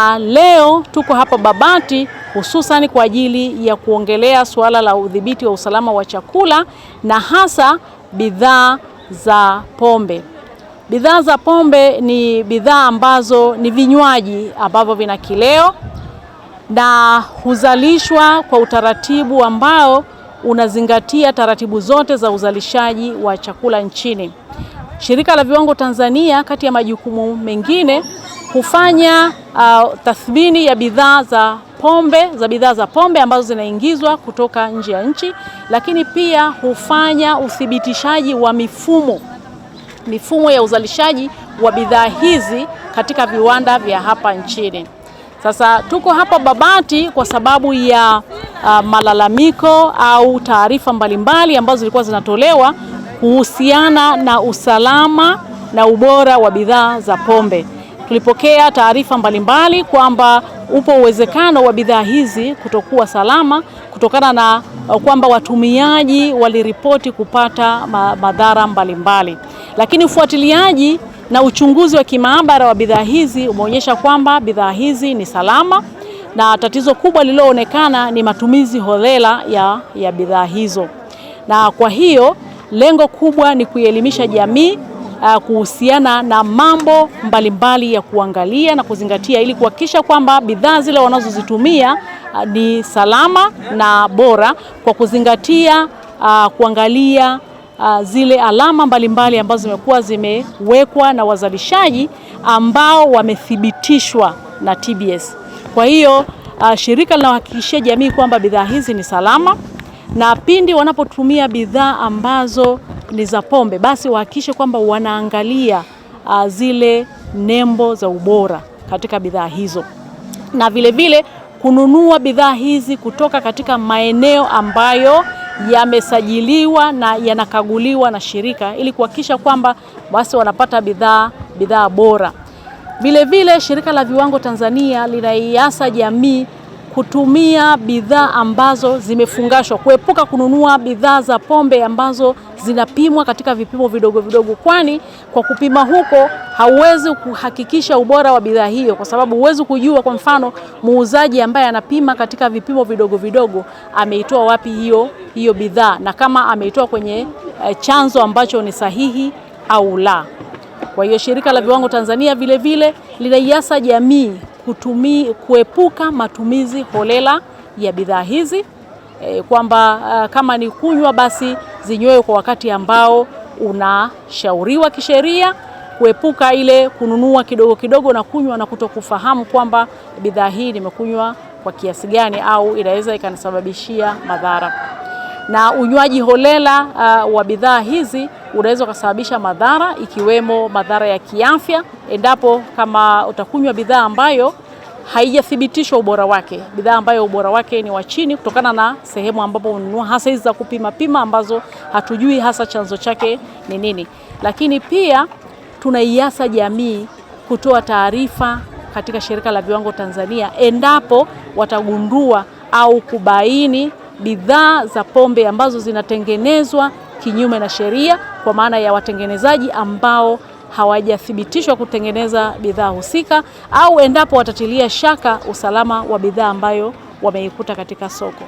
Ah, leo tuko hapa Babati hususan kwa ajili ya kuongelea suala la udhibiti wa usalama wa chakula na hasa bidhaa za pombe. Bidhaa za pombe ni bidhaa ambazo ni vinywaji ambavyo vina kileo na huzalishwa kwa utaratibu ambao unazingatia taratibu zote za uzalishaji wa chakula nchini. Shirika la Viwango Tanzania, kati ya majukumu mengine hufanya uh, tathmini ya bidhaa za pombe za bidhaa za pombe ambazo zinaingizwa kutoka nje ya nchi, lakini pia hufanya uthibitishaji wa mifumo mifumo ya uzalishaji wa bidhaa hizi katika viwanda vya hapa nchini. Sasa tuko hapa Babati kwa sababu ya uh, malalamiko au taarifa mbalimbali ambazo zilikuwa zinatolewa kuhusiana na usalama na ubora wa bidhaa za pombe. Tulipokea taarifa mbalimbali kwamba upo uwezekano wa bidhaa hizi kutokuwa salama kutokana na uh, kwamba watumiaji waliripoti kupata madhara mbalimbali, lakini ufuatiliaji na uchunguzi wa kimaabara wa bidhaa hizi umeonyesha kwamba bidhaa hizi ni salama na tatizo kubwa lililoonekana ni matumizi holela ya, ya bidhaa hizo, na kwa hiyo lengo kubwa ni kuielimisha jamii uh, kuhusiana na mambo mbalimbali mbali ya kuangalia na kuzingatia ili kuhakikisha kwamba bidhaa zile wanazozitumia uh, ni salama na bora kwa kuzingatia uh, kuangalia Uh, zile alama mbalimbali mbali ambazo zimekuwa zimewekwa na wazalishaji ambao wamethibitishwa na TBS. Kwa hiyo uh, shirika linahakikishia jamii kwamba bidhaa hizi ni salama na pindi wanapotumia bidhaa ambazo ni za pombe, basi wahakikishe kwamba wanaangalia uh, zile nembo za ubora katika bidhaa hizo, na vilevile vile, kununua bidhaa hizi kutoka katika maeneo ambayo yamesajiliwa na yanakaguliwa na shirika ili kuhakikisha kwamba basi wanapata bidhaa bidhaa bora. Vilevile, shirika la viwango Tanzania linaiasa jamii kutumia bidhaa ambazo zimefungashwa, kuepuka kununua bidhaa za pombe ambazo zinapimwa katika vipimo vidogo vidogo, kwani kwa kupima huko hauwezi kuhakikisha ubora wa bidhaa hiyo, kwa sababu huwezi kujua, kwa mfano muuzaji ambaye anapima katika vipimo vidogo vidogo ameitoa wapi hiyo hiyo bidhaa, na kama ameitoa kwenye eh, chanzo ambacho ni sahihi au la. Kwa hiyo Shirika la Viwango Tanzania vilevile linaiasa jamii kutumi, kuepuka matumizi holela ya bidhaa hizi e, kwamba kama ni kunywa basi zinywewe kwa wakati ambao unashauriwa kisheria, kuepuka ile kununua kidogo kidogo na kunywa na kutokufahamu kwamba bidhaa hii nimekunywa kwa kiasi gani au inaweza ikanisababishia madhara na unywaji holela uh, wa bidhaa hizi unaweza ukasababisha madhara ikiwemo madhara ya kiafya, endapo kama utakunywa bidhaa ambayo haijathibitishwa ubora wake, bidhaa ambayo ubora wake ni wa chini, kutokana na sehemu ambapo ununua, hasa hizi za kupima pima ambazo hatujui hasa chanzo chake ni nini. Lakini pia tunaiasa jamii kutoa taarifa katika shirika la viwango Tanzania endapo watagundua au kubaini bidhaa za pombe ambazo zinatengenezwa kinyume na sheria, kwa maana ya watengenezaji ambao hawajathibitishwa kutengeneza bidhaa husika, au endapo watatilia shaka usalama wa bidhaa ambayo wameikuta katika soko.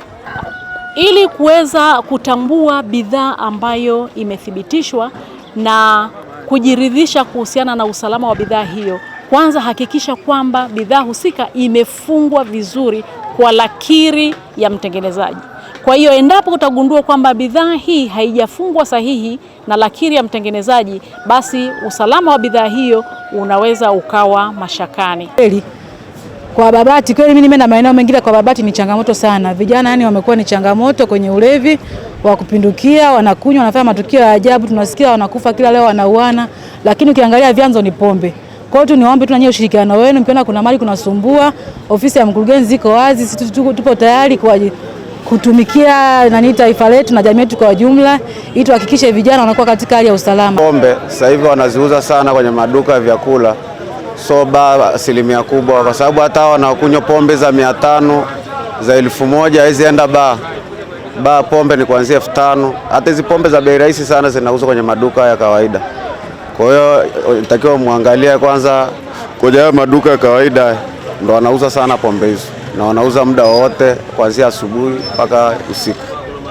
Ili kuweza kutambua bidhaa ambayo imethibitishwa na kujiridhisha kuhusiana na usalama wa bidhaa hiyo, kwanza hakikisha kwamba bidhaa husika imefungwa vizuri kwa lakiri ya mtengenezaji. Kwa hiyo endapo utagundua kwamba bidhaa hii haijafungwa sahihi na lakiri ya mtengenezaji, basi usalama wa bidhaa hiyo unaweza ukawa mashakani. Kweli kwa Babati, kweli mimi nimeenda maeneo mengine, kwa Babati ni changamoto sana. Vijana yani wamekuwa ni changamoto kwenye ulevi wa kupindukia, wanakunywa, wanafanya matukio ya ajabu, tunasikia wanakufa kila leo, wanauana, lakini ukiangalia vyanzo ni pombe. Kwa hiyo tu niwaombe tu ushirikiano wenu, mkiona kuna mali kunasumbua, ofisi ya mkurugenzi iko wazi, sisi tupo tayari kwa kutumikia nani taifa letu na jamii yetu kwa ujumla, ili tuhakikishe vijana wanakuwa katika hali ya usalama. Pombe sasa hivi wanaziuza sana kwenye maduka ya vyakula, soba asilimia kubwa, kwa sababu hata wanakunywa pombe za mia tano za elfu moja hizi enda ba ba pombe ni kuanzia elfu tano. Hata hizi pombe za bei rahisi sana zinauzwa kwenye maduka ya kawaida. Kwa hiyo natakiwa mwangalia kwanza kwenye haya maduka ya kawaida ndo wanauza sana pombe hizo na wanauza muda wote kuanzia asubuhi mpaka usiku.